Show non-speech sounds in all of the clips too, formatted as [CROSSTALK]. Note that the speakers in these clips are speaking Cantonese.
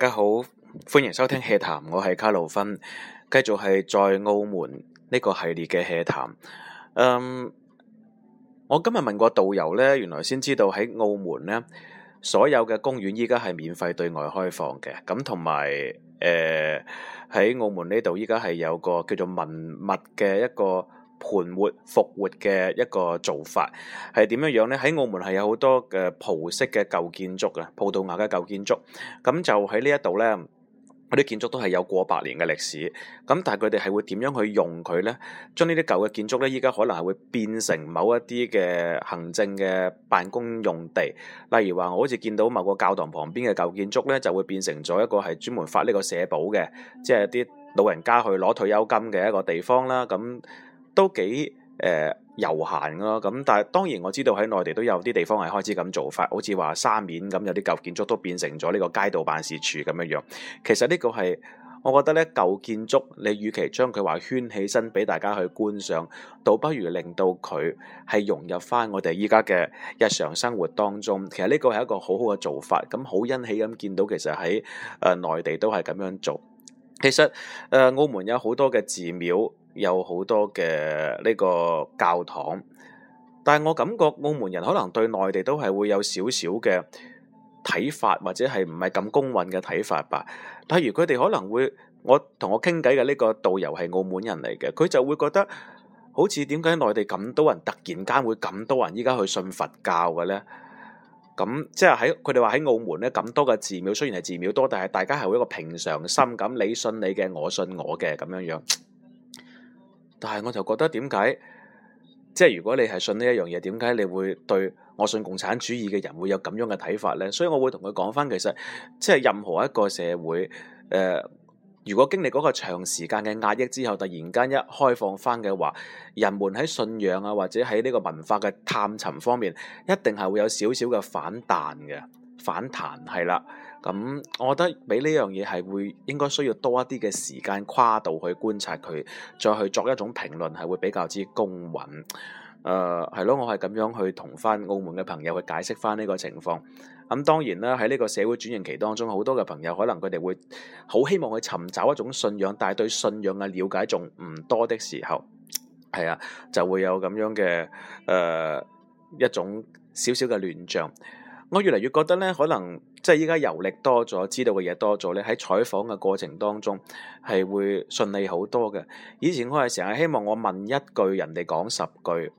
大家好，歡迎收聽《HEA 談》，我係卡路芬，繼續係在澳門呢個系列嘅《HEA 談》。嗯，我今日問過導遊呢，原來先知道喺澳門呢，所有嘅公園依家係免費對外開放嘅。咁同埋，誒，呃，喺澳門呢度依家係有個叫做文物嘅一個。盤活復活嘅一個做法係點樣樣呢？喺澳門係有好多嘅葡式嘅舊建築啊，葡萄牙嘅舊建築，咁就喺呢一度呢，嗰啲建築都係有過百年嘅歷史。咁但係佢哋係會點樣去用佢呢？將呢啲舊嘅建築呢，依家可能係會變成某一啲嘅行政嘅辦公用地，例如話我好似見到某個教堂旁邊嘅舊建築呢，就會變成咗一個係專門發呢個社保嘅，即係啲老人家去攞退休金嘅一個地方啦。咁都幾誒遊閒咯，咁但係當然我知道喺內地都有啲地方係開始咁做法，好似話沙面咁有啲舊建築都變成咗呢個街道辦事處咁樣樣。其實呢個係我覺得咧舊建築，你與其將佢話圈起身俾大家去觀賞，倒不如令到佢係融入返我哋依家嘅日常生活當中。其實呢個係一個好好嘅做法。咁好欣喜咁見到其實喺誒、呃、內地都係咁樣做。其實誒、呃、澳門有好多嘅寺廟。有好多嘅呢個教堂，但係我感覺澳門人可能對內地都係會有少少嘅睇法，或者係唔係咁公允嘅睇法吧。例如佢哋可能會我同我傾偈嘅呢個導遊係澳門人嚟嘅，佢就會覺得好似點解內地咁多人突然間會咁多人依家去信佛教嘅咧？咁即係喺佢哋話喺澳門咧，咁多嘅寺廟，雖然係寺廟多，但係大家係會一個平常心咁，你信你嘅，我信我嘅咁樣樣。但係我就覺得點解，即係如果你係信呢一樣嘢，點解你會對我信共產主義嘅人會有咁樣嘅睇法咧？所以我會同佢講翻，其實即係任何一個社會，誒、呃，如果經歷嗰個長時間嘅壓抑之後，突然間一開放翻嘅話，人們喺信仰啊，或者喺呢個文化嘅探尋方面，一定係會有少少嘅反彈嘅，反彈係啦。咁，我覺得俾呢樣嘢係會應該需要多一啲嘅時間跨度去觀察佢，再去作一種評論係會比較之公允。誒、呃，係咯，我係咁樣去同翻澳門嘅朋友去解釋翻呢個情況。咁、嗯、當然啦，喺呢個社會轉型期當中，好多嘅朋友可能佢哋會好希望去尋找一種信仰，但係對信仰嘅了解仲唔多的時候，係啊，就會有咁樣嘅誒、呃、一種小小嘅亂象。我越嚟越覺得咧，可能即係依家遊歷多咗，知道嘅嘢多咗咧，喺採訪嘅過程當中係會順利好多嘅。以前我係成日希望我問一句，人哋講十句，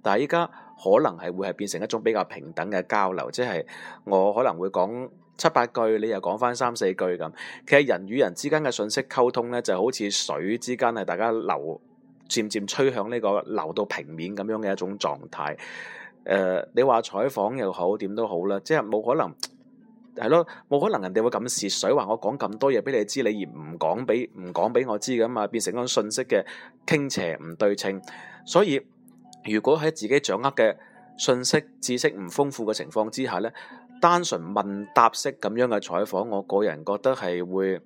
但係依家可能係會係變成一種比較平等嘅交流，即係我可能會講七八句，你又講返三四句咁。其實人與人之間嘅信息溝通咧，就好似水之間係大家流，漸漸吹向呢個流到平面咁樣嘅一種狀態。誒、呃，你話採訪又好，點都好啦，即係冇可能係咯，冇可能人哋會咁蝕水，我話我講咁多嘢俾你知，你而唔講俾唔講俾我知㗎嘛，變成嗰種信息嘅傾斜唔對稱。所以如果喺自己掌握嘅信息知識唔豐富嘅情況之下咧，單純問答式咁樣嘅採訪，我個人覺得係會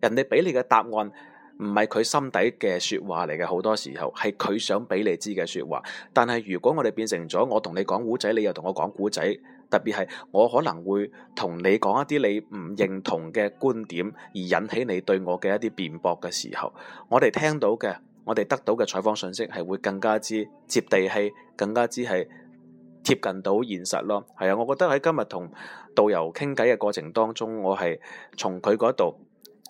人哋俾你嘅答案。唔係佢心底嘅說話嚟嘅，好多時候係佢想俾你知嘅說話。但係如果我哋變成咗我同你講古仔，你又同我講古仔，特別係我可能會同你講一啲你唔認同嘅觀點，而引起你對我嘅一啲辯駁嘅時候，我哋聽到嘅，我哋得到嘅採訪信息係會更加之接地氣，更加之係貼近到現實咯。係啊，我覺得喺今日同導遊傾偈嘅過程當中，我係從佢嗰度。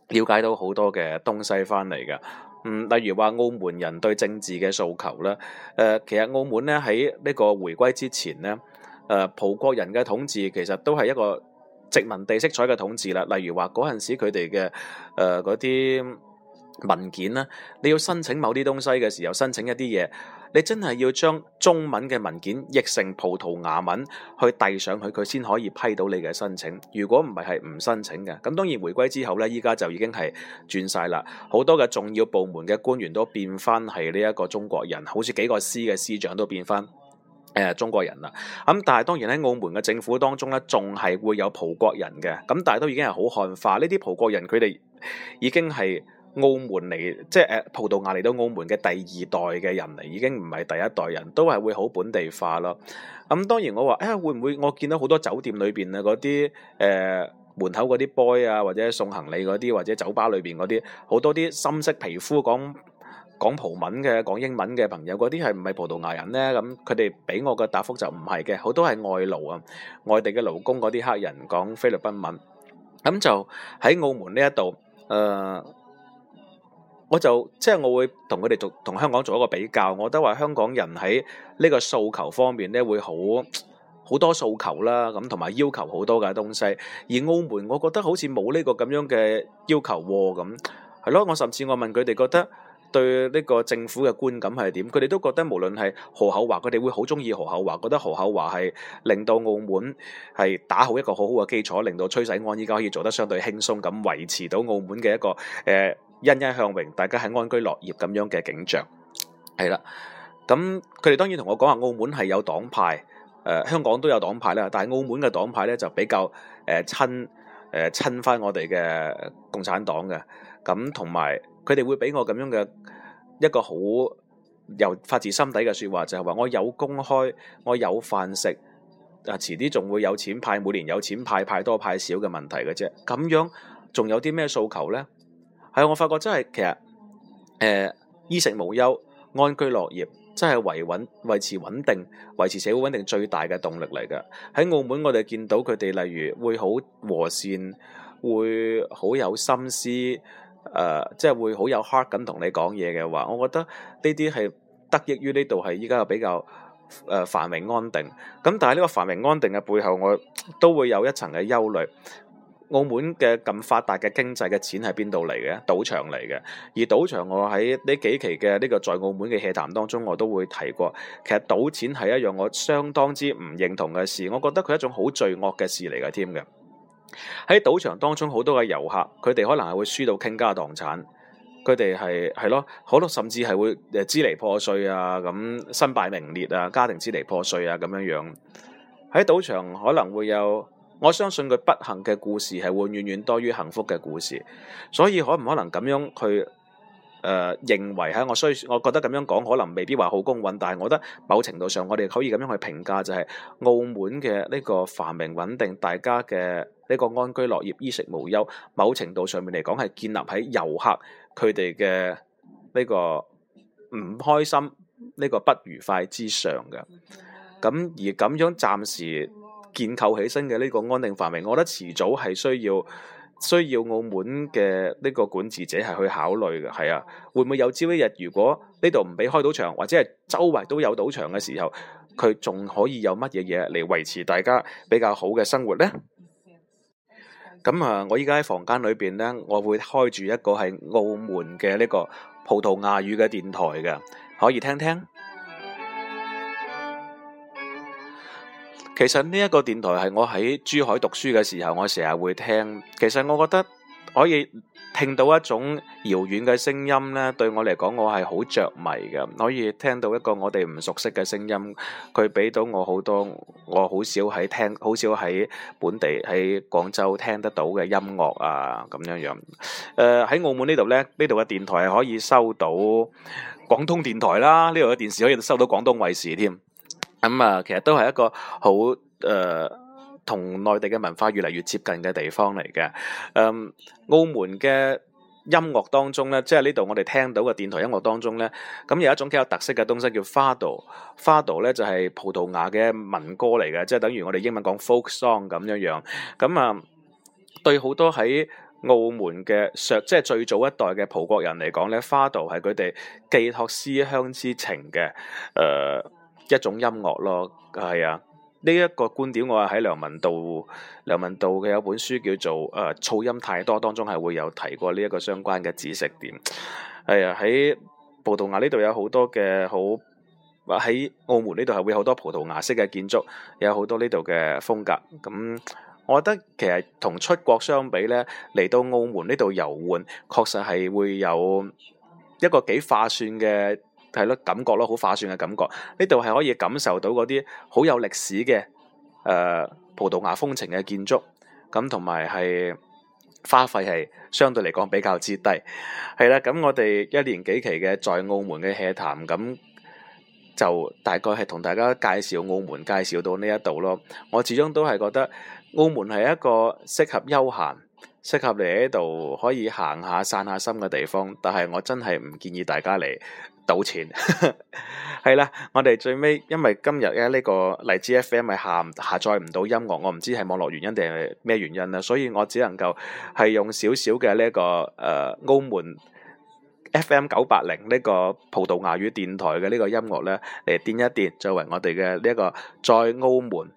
了解到好多嘅東西翻嚟嘅，嗯，例如話澳門人對政治嘅訴求啦，誒、呃，其實澳門咧喺呢個回歸之前咧，誒、呃、葡國人嘅統治其實都係一個殖民地色彩嘅統治啦，例如話嗰陣時佢哋嘅誒嗰啲文件啦，你要申請某啲東西嘅時候，申請一啲嘢。你真係要將中文嘅文件譯成葡萄牙文去遞上去，佢先可以批到你嘅申請。如果唔係係唔申請嘅，咁當然回歸之後呢，依家就已經係轉晒啦。好多嘅重要部門嘅官員都變翻係呢一個中國人，好似幾個司嘅司長都變翻誒、呃、中國人啦。咁但係當然喺澳門嘅政府當中呢，仲係會有葡國人嘅。咁但係都已經係好漢化，呢啲葡國人佢哋已經係。澳門嚟即係誒葡萄牙嚟到澳門嘅第二代嘅人嚟，已經唔係第一代人，都係會好本地化咯。咁、嗯、當然我話誒、哎、會唔會我見到好多酒店裏邊啊嗰啲誒門口嗰啲 boy 啊，或者送行李嗰啲，或者酒吧裏邊嗰啲好多啲深色皮膚講講葡文嘅、講英文嘅朋友嗰啲係唔係葡萄牙人咧？咁佢哋俾我嘅答覆就唔係嘅，好多係外勞啊，外地嘅勞工嗰啲客人講菲律賓文，咁、嗯嗯、就喺澳門呢一度誒。呃我就即係我會同佢哋做同香港做一個比較，我都話香港人喺呢個訴求方面咧會好好多訴求啦，咁同埋要求好多嘅東西。而澳門我覺得好似冇呢個咁樣嘅要求咁，係咯。我甚至我問佢哋覺得。對呢個政府嘅觀感係點？佢哋都覺得無論係何厚鏵，佢哋會好鍾意何厚鏵，覺得何厚鏵係令到澳門係打好一個好好嘅基礎，令到崔世安依家可以做得相對輕鬆咁維持到澳門嘅一個誒欣欣向榮，大家喺安居樂業咁樣嘅景象。係啦，咁佢哋當然同我講話澳門係有黨派，誒、呃、香港都有黨派啦，但係澳門嘅黨派咧就比較誒、呃、親誒、呃、親翻我哋嘅共產黨嘅，咁同埋，佢哋會俾我咁樣嘅一個好由發自心底嘅説話，就係話我有工開，我有飯食，啊遲啲仲會有錢派，每年有錢派派多派少嘅問題嘅啫。咁樣仲有啲咩訴求呢？係我發覺真係其實、呃、衣食無憂、安居樂業，真係維穩維持穩定、維持社會穩定最大嘅動力嚟嘅。喺澳門，我哋見到佢哋例如會好和善，會好有心思。誒、呃，即係會好有 heart 咁同你講嘢嘅話，我覺得呢啲係得益於呢度係依家比較誒繁榮安定。咁但係呢個繁榮安定嘅背後，我都會有一層嘅憂慮。澳門嘅咁發達嘅經濟嘅錢喺邊度嚟嘅？賭場嚟嘅。而賭場我喺呢幾期嘅呢個在澳門嘅 HEA 談當中，我都會提過。其實賭錢係一樣我相當之唔認同嘅事，我覺得佢係一種好罪惡嘅事嚟嘅添嘅。喺賭場當中，好多嘅遊客，佢哋可能係會輸到傾家蕩產，佢哋係係咯，好多甚至係會支離破碎啊，咁身敗名裂啊，家庭支離破碎啊，咁樣樣喺賭場可能會有，我相信佢不幸嘅故事係會遠遠多於幸福嘅故事，所以可唔可能咁樣去誒、呃、認為吓？我雖我覺得咁樣講，可能未必話好公允，但係我覺得某程度上，我哋可以咁樣去評價，就係澳門嘅呢個繁榮穩定，大家嘅。呢個安居樂業、衣食無憂，某程度上面嚟講係建立喺遊客佢哋嘅呢個唔開心、呢個不愉快之上嘅。咁而咁樣暫時建構起身嘅呢個安定範圍，我覺得遲早係需要需要澳門嘅呢個管治者係去考慮嘅。係啊，會唔會有朝一日，如果呢度唔俾開賭場，或者係周圍都有賭場嘅時候，佢仲可以有乜嘢嘢嚟維持大家比較好嘅生活咧？咁啊、嗯！我而家喺房間裏邊咧，我會開住一個係澳門嘅呢個葡萄牙語嘅電台嘅，可以聽聽。其實呢一個電台係我喺珠海讀書嘅時候，我成日會聽。其實我覺得。可以聽到一種遙遠嘅聲音咧，對我嚟講，我係好著迷嘅。可以聽到一個我哋唔熟悉嘅聲音，佢俾到我好多我好少喺聽，好少喺本地喺廣州聽得到嘅音樂啊咁樣樣。誒喺澳門呢度咧，呢度嘅電台係可以收到廣東電台啦，呢度嘅電視可以收到廣東衛視添。咁啊，其實都係一個好誒。同內地嘅文化越嚟越接近嘅地方嚟嘅，嗯，澳門嘅音樂當中咧，即係呢度我哋聽到嘅電台音樂當中咧，咁、嗯、有一種幾有特色嘅東西叫花道，花道咧就係、是、葡萄牙嘅民歌嚟嘅，即係等於我哋英文講 folk song 咁樣樣，咁、嗯、啊，對好多喺澳門嘅即係最早一代嘅葡國人嚟講咧，花道係佢哋寄託思鄉之情嘅，誒、呃、一種音樂咯，係啊。呢一個觀點，我係喺梁文道，梁文道嘅有本書叫做《誒噪音太多》，當中係會有提過呢一個相關嘅知識點。係、哎、啊，喺葡萄牙呢度有好多嘅好，喺澳門呢度係會好多葡萄牙式嘅建築，有好多呢度嘅風格。咁、嗯、我覺得其實同出國相比咧，嚟到澳門呢度遊玩，確實係會有一個幾划算嘅。睇咯，感覺咯，好划算嘅感覺。呢度係可以感受到嗰啲好有歷史嘅誒、呃、葡萄牙風情嘅建築，咁同埋係花費係相對嚟講比較之低。係啦，咁、嗯、我哋一年幾期嘅在澳門嘅 HEA 談，咁、嗯、就大概係同大家介紹澳門，介紹到呢一度咯。我始終都係覺得澳門係一個適合休閒、適合嚟喺度可以行下、散下心嘅地方，但係我真係唔建議大家嚟。賭賭錢係 [LAUGHS] 啦，我哋最尾，因為今日咧呢個荔枝 FM 咪下唔下載唔到音樂，我唔知係網絡原因定係咩原因啦，所以我只能夠係用少少嘅呢個誒、呃、澳門 FM 九八零呢個葡萄牙語電台嘅呢個音樂咧嚟墊一墊，作為我哋嘅呢一個在澳門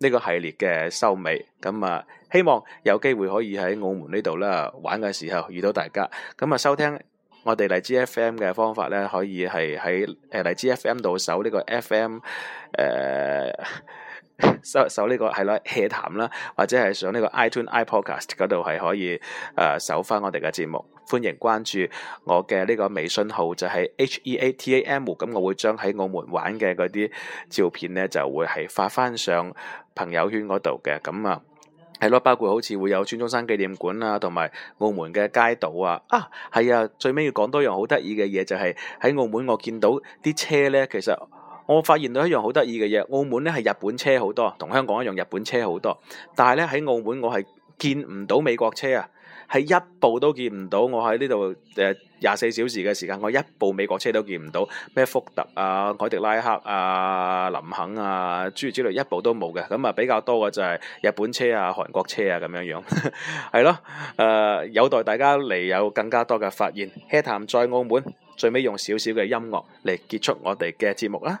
呢個系列嘅收尾。咁啊，希望有機會可以喺澳門呢度啦玩嘅時候遇到大家。咁啊，收聽。我哋荔枝 FM 嘅方法咧，可以係喺誒荔枝 FM 度搜呢個 FM 誒、呃、搜搜呢、呢個係咯 HEA 談啦，或者係上呢個 iTunes、iPodcast 嗰度係可以誒、呃、搜翻我哋嘅節目。歡迎關注我嘅呢個微信號，就係、是、heatam，咁我會將喺澳門玩嘅嗰啲照片咧就會係發翻上朋友圈嗰度嘅，咁啊～係咯，包括好似會有孫中山紀念館啊，同埋澳門嘅街道啊，啊，係啊，最尾要講多樣好得意嘅嘢，就係喺澳門我見到啲車咧，其實我發現到一樣好得意嘅嘢，澳門咧係日本車好多，同香港一樣日本車好多，但係咧喺澳門我係見唔到美國車啊。係一部都見唔到我，我喺呢度誒廿四小時嘅時間，我一部美國車都見唔到咩福特啊、凱迪拉克啊、林肯啊諸如此類，一部都冇嘅。咁啊比較多嘅就係日本車啊、韓國車啊咁樣樣係咯。誒、 [LAUGHS] 呃、有待大家嚟有更加多嘅發現。HEA 談在澳門最尾用少少嘅音樂嚟結束我哋嘅節目啦。